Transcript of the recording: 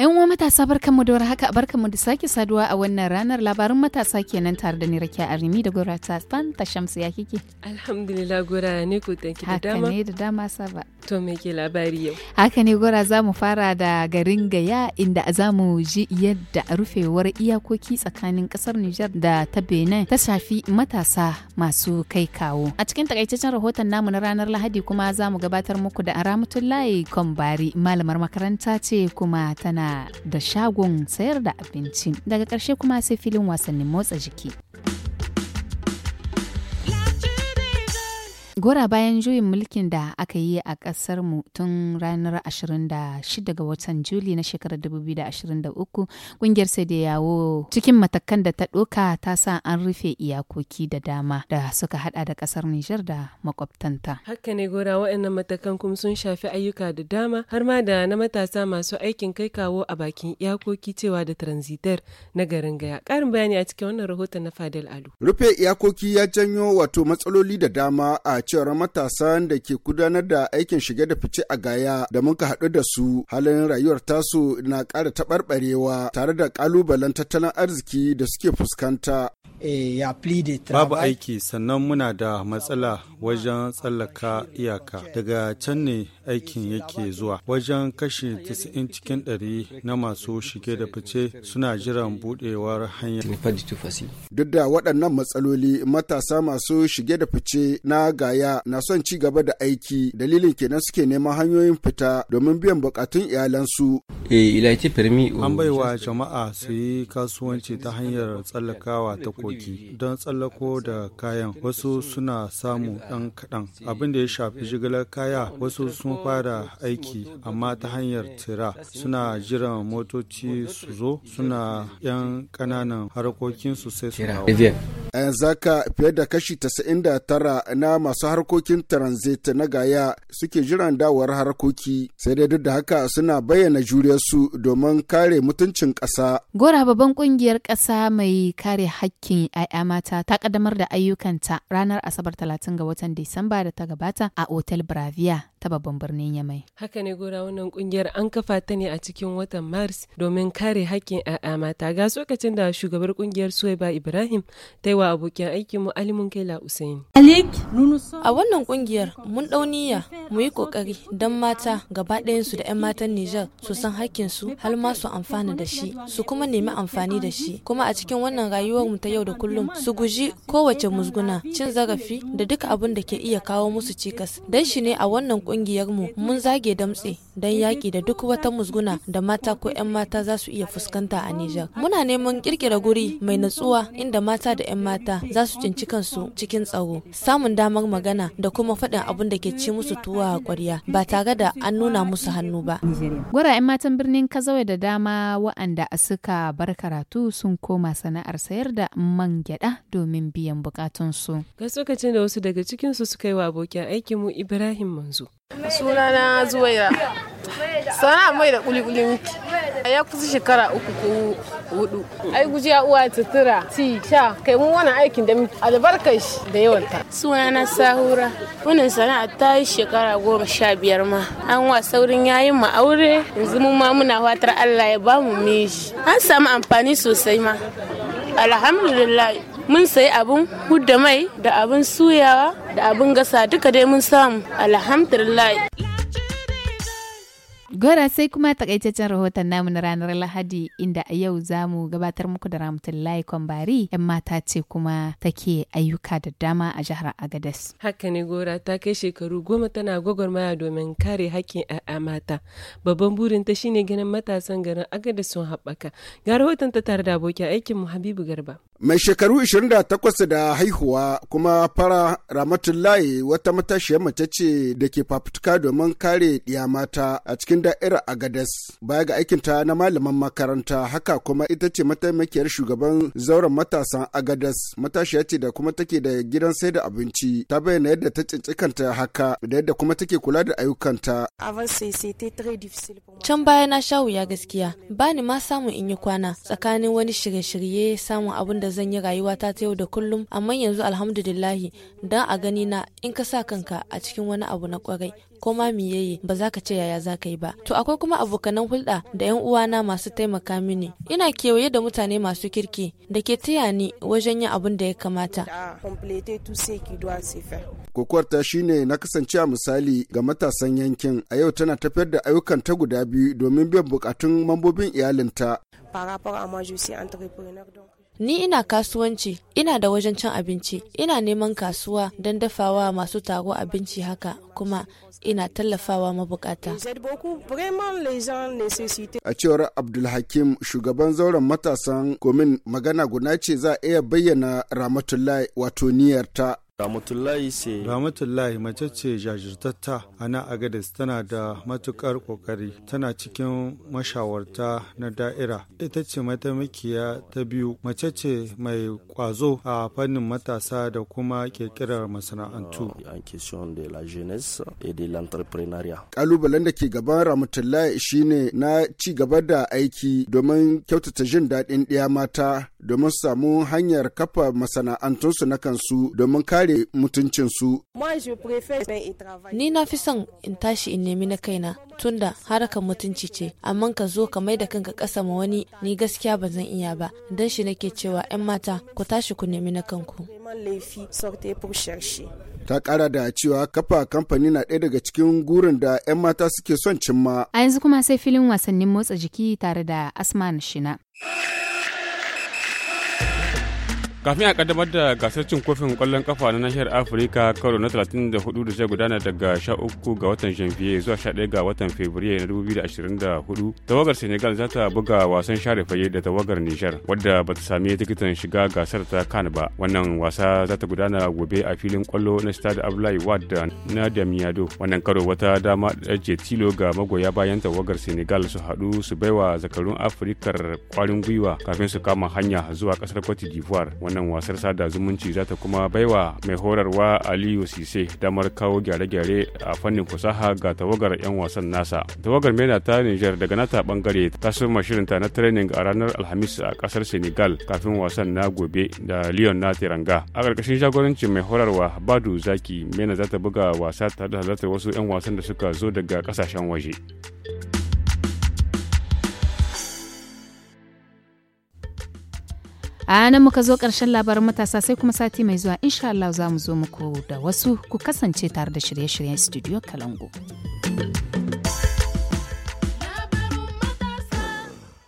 'Yan uwa matasa barkanmu da haka barkanmu da sake saduwa a wannan ranar labarin matasa kenan tare da ni Rakiya Arimi da Gora ta Fanta Shamsu ya kike. Alhamdulillah Gora ne ku da dama. Haka ne da dama saba. To ke labari yau? Haka ne gora za mu fara da garin Gaya inda za mu ji yadda rufewar iyakoki tsakanin kasar Nijar da ta Benin ta shafi matasa masu kai kawo. A cikin takaitaccen rahoton namu na ranar Lahadi kuma za mu gabatar muku da Aramatullahi Kombari malamar makaranta ce kuma tana da shagon sayar da abinci. Daga ƙarshe kuma sai filin wasannin motsa jiki. Gora bayan juyin mulkin da aka yi a mu tun ranar 26 ga watan Juli na shekarar 2023, ƙungiyar sai da yawo cikin matakan da ta ɗoka ta sa an rufe iyakoki da dama da suka hada da ƙasar Nijar da makwabtanta. Haka ne gora waɗannan matakan kuma sun shafi ayyuka da dama har ma da na matasa masu aikin kai kawo a bakin iyakoki cewa da transiter na garin Gaya. Ƙarin bayani a cikin wannan rahoton na fadil Alu. Rufe iyakoki ya janyo wato matsaloli da dama a cewar matasan da ke gudanar da aikin shige da fice a gaya da muka haɗu da su halin rayuwar tasu na ƙara taɓarɓarewa tare da ƙalubalen tattalin arziki da suke fuskanta. Eh, Babu aiki sannan muna da matsala wajen tsallaka iyaka daga can ne aikin yake zuwa wajen kashi 90 cikin 100 na masu shige da fice suna jiran buɗewar hanya. Duk da waɗannan matsaloli matasa masu shige da fice na gaya makiyaya na son ci gaba da aiki dalilin kenan suke neman hanyoyin fita domin biyan bukatun iyalansu. Eh, An baiwa jama'a su yi kasuwanci ta hanyar tsallakawa ta koki don tsallako da kayan wasu suna samu ɗan kaɗan. Abin da ya shafi jigilar kaya wasu sun fara aiki amma ta hanyar tira suna jiran motoci su zo suna 'yan ƙananan harkokinsu sai su a yanzu haka fiye da kashi 99 na masu harkokin transit na gaya suke jiran dawowar harkoki sai dai duk da haka suna bayyana juriyarsu domin kare mutuncin ƙasa. gora babban kungiyar ƙasa mai kare hakkin 'ya'ya mata ta ƙaddamar da ayyukanta ranar asabar 30 ga watan disamba da ta gabata a otel bravia ta babban birnin yamai haka ne gora wannan kungiyar an kafa ta ne a cikin watan mars domin kare hakkin 'ya'ya mata ga tsokacin da shugabar kungiyar suwaiba ibrahim ta wa abokin aikinmu Alimun Kaila Usaini. A wannan kungiyar mun dauniya mu yi ƙoƙari don mata gaba ɗayansu da 'yan matan Nijar su san hakkinsu har ma su amfana da shi su kuma nemi amfani da shi kuma a cikin wannan rayuwar mu ta yau da kullum su guji kowace musguna cin zarafi da duka abin da ke iya kawo musu cikas dan shi ne a wannan kungiyar mu mun zage damtse don yaƙi da duk wata musguna da mata ko 'yan mata za su iya fuskanta a Nijar. Muna neman kirkira guri mai natsuwa inda mata da 'yan mata za su cinci kansu cikin tsaro samun damar magana da kuma faɗin abin da ke ci musu tuwa a ƙwarya ba tare da an nuna musu hannu ba. gwara 'yan matan birnin Kazawai da dama wa'anda suka bar karatu sun koma sana'ar sayar da man gyaɗa domin biyan bukatunsu. Ga ce da wasu daga cikinsu suka yi wa abokin aikinmu Ibrahim Manzo. Sunana Zuwaira. Sana mai da kuli-kuli muke ya kusa shekara uku ko hudu ai gujiya uwa tura ti sha kai mun wani aikin da albarkar shi da yawan ta na sahura wannan sana'a ta yi shekara goma sha biyar ma an wa saurin yayin mu aure yanzu mun ma muna fatar Allah ya bamu miji an samu amfani sosai ma alhamdulillah mun sayi abun hudda mai da abun suyawa da abun gasa duka dai mun samu alhamdulillah Gora sai kuma takaitaccen rahoton namu na ranar Lahadi inda a yau za mu gabatar muku da layi Kwambari ‘yan mata ce kuma take ayyuka da dama a jihar Agadez. Haka ne Gora ta kai shekaru goma tana gwagwarmaya domin kare haƙƙin ‘ya'ya mata. Babban burin ta shine ganin matasan garin Agadez sun haɓaka. Ga rahoton ta tare da abokin aikinmu Habibu Garba. Mai shekaru 28 da haihuwa kuma fara Ramatullahi wata matashiyar mace ce da ke fafutuka domin kare ɗiya mata a cikin da'irar Agades. Baya ga aikinta na malaman makaranta haka kuma ita ce mataimakiyar shugaban zauren matasan Agades. Matashiya ce da kuma take da gidan sai da abinci. Ta bayyana yadda ta cinci kanta haka da yadda kuma take kula da ayyukanta. Can baya na sha wuya gaskiya. Bani ma samun in yi kwana tsakanin wani shirye-shirye samun abin da yadda zan yi rayuwata ta yau da kullum amma yanzu alhamdulillahi dan a gani na in ka sa kanka a cikin wani abu na kwarai ko ma miyeye ba za ka ce yaya za ka yi ba to akwai kuma abokanan hulɗa da yan uwana masu taimaka mini ina kewaye da mutane masu kirki da ke taya ni wajen yin abin da ya kamata ta shine na kasance a misali ga matasan yankin a yau tana tafiyar da ayyukan ta guda biyu domin biyan bukatun mambobin iyalinta par rapport Ni ina kasuwanci, ina da wajen cin abinci, ina neman kasuwa don dafawa masu taro abinci haka kuma ina tallafawa mabukata. A cewar Abdulhakim shugaban zauren matasan komin magana guna ce za a iya bayyana Ramatullahi wato ta. Ramatullahi mace ce jajirtatta a nan Agadez tana da matukar kokari tana cikin mashawarta na da'ira. Ita ce mataimakiya ta biyu mace ce mai kwazo a fannin matasa da kuma kirkirar masana'antu. Kalubalen ah, da ke gaban Ramatullahi shine na ci gaba da aiki domin kyautata jin daɗin ɗiya mata domin samu hanyar kafa masana'antunsu na kansu domin kare mutuncinsu. Ni na fi son in tashi in nemi na kaina tunda harakan mutunci ce, amma ka zo ka mai da kanka ƙasa ma wani ni gaskiya ba zan iya ba, don shi nake cewa 'yan mata ku tashi ku nemi na kanku. ta kara da cewa kafa kamfani na ɗaya daga cikin gurin da 'yan mata suke son cimma. A yanzu kuma sai filin wasannin motsa jiki tare da Asman Shina. kafin a kaddamar da gasar cin kofin kwallon kafa na nahiyar afirka karo na 34 da zai gudana daga 13 ga watan janvier zuwa 11 ga watan fevrier na 2024 tawagar senegal za ta buga wasan share faye da tawagar nijar wadda ba ta sami tikitin shiga gasar ta kan ba wannan wasa za ta gudana gobe a filin kwallo na stade abdullahi wad na damiado wannan karo wata dama da je tilo ga magoya bayan tawagar senegal su haɗu su baiwa zakarun afirkar kwarin gwiwa kafin su kama hanya zuwa kasar cote d'ivoire wannan wasar sada zumunci zata ta kuma baiwa mai horarwa aliyu sise damar kawo gyare-gyare a fannin fasaha ga tawagar 'yan wasan nasa tawagar mena ta niger daga nata bangare ta soma shirinta na training a ranar alhamis a kasar senegal kafin wasan na gobe da lyon na tiranga a ƙarƙashin jagorancin mai horarwa badu zaki mena za ta buga wasa tare da halartar wasu 'yan wasan da suka zo daga ƙasashen waje. a nan muka zo ƙarshen labarin matasa sai kuma sati mai zuwa insha Allah za mu zo muku da wasu ku kasance tare da shirye-shiryen studio kalangu.